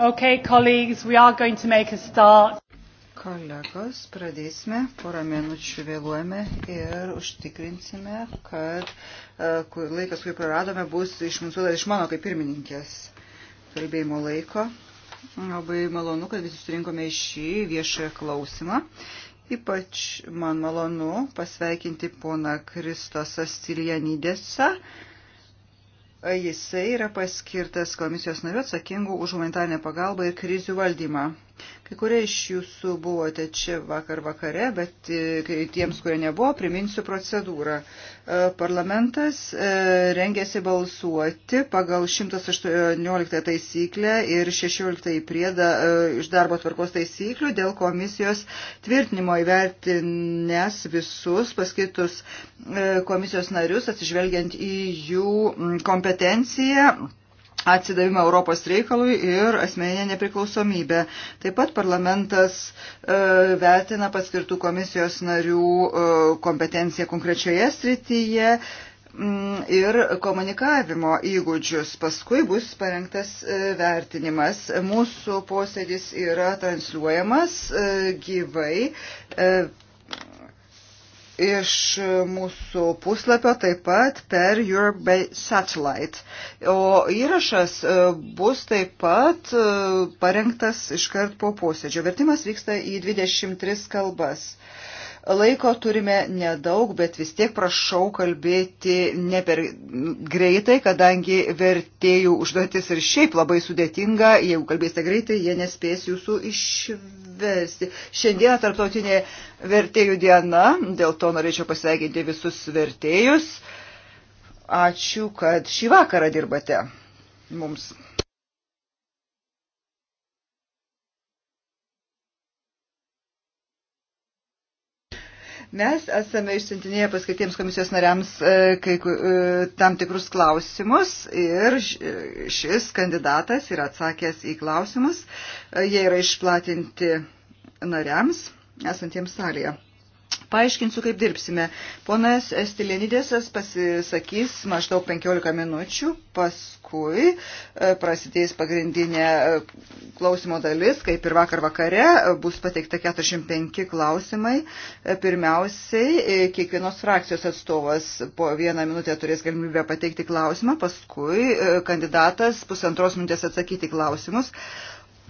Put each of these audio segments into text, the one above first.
Okay, colleagues, we are going to make a start. Kolegos, pradėsime, porą minučių vėluojame ir užtikrinsime, kad uh, laikas, kurį praradome, bus iš mūsų, iš mano kaip pirmininkės kalbėjimo laiko. Labai malonu, kad visi surinkome į šį viešoje klausimą. Ypač man malonu pasveikinti poną Kristosą Stilianidėsą, uh, Jisai yra paskirtas komisijos nariu atsakingu už humanitarinę pagalbą ir krizių valdymą. Kai kurie iš jūsų buvote čia vakar vakare, bet e, tiems, kurie nebuvo, priminsiu procedūrą. E, parlamentas e, rengėsi balsuoti pagal 118 taisyklę ir 16 priedą iš darbo tvarkos taisyklių dėl komisijos tvirtinimo įvertinęs visus paskirtus komisijos narius atsižvelgiant į jų kompetenciją atsidavimą Europos reikalui ir asmeninę nepriklausomybę. Taip pat parlamentas e, vertina paskirtų komisijos narių e, kompetenciją konkrečioje srityje m, mm, ir komunikavimo įgūdžius. Paskui bus parengtas e, vertinimas. Mūsų posėdis yra transliuojamas e, gyvai. E, iš mūsų puslapio taip pat per Europe by Satellite. O įrašas e, bus taip pat e, parengtas iškart po posėdžio. Vertimas vyksta į 23 kalbas. Laiko turime nedaug, bet vis tiek prašau kalbėti ne per greitai, kadangi vertėjų užduotis ir šiaip labai sudėtinga, jeigu kalbėsite greitai, jie nespės jūsų išversti. Šiandieną tarptautinė vertėjų diena, dėl to norėčiau pasveikinti visus vertėjus. Ačiū, kad šį vakarą dirbate mums. Mes esame išsintinėję paskaitiems komisijos nariams e, kai, e, tam tikrus klausimus ir e, šis kandidatas yra atsakęs į klausimus. Jie yra išplatinti nariams esantiems salėje. Paaiškinsiu, kaip dirbsime. Ponas Estilenidėsas pasisakys maždaug 15 minučių, paskui e, prasidės pagrindinė e, klausimo dalis, kaip ir vakar vakare, e, bus pateikta 45 klausimai. Pirmiausiai, kiekvienos frakcijos atstovas po vieną minutę turės galimybę pateikti klausimą, paskui kandidatas pusantros minutės atsakyti klausimus.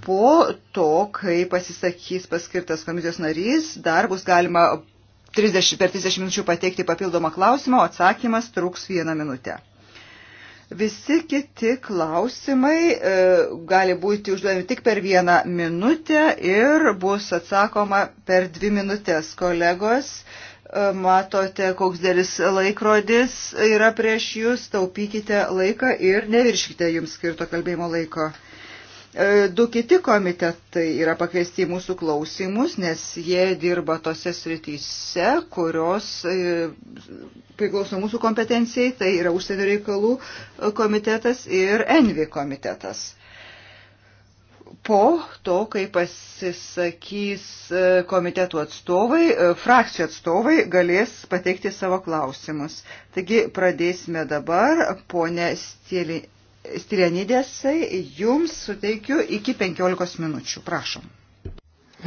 Po to, kai pasisakys paskirtas komisijos narys, dar bus galima 30, per 30 minučių pateikti papildomą klausimą, o atsakymas truks vieną minutę. Visi kiti klausimai e, gali būti užduodami tik per vieną minutę ir bus atsakoma per dvi minutės. Kolegos, e, matote, koks dėlis laikrodis yra prieš jūs, taupykite laiką ir nevirškite jums skirto kalbėjimo laiko. E, du kiti komitetai yra pakviesti į mūsų klausimus, nes jie dirba tose srityse, kurios e, priklauso mūsų kompetencijai, tai yra užsienio reikalų e, komitetas ir Envi komitetas po to, kai pasisakys komitetų atstovai, frakcijų atstovai galės pateikti savo klausimus. Taigi pradėsime dabar, ponė Stieli, Stilianidėsai, jums suteikiu iki 15 minučių. Prašom.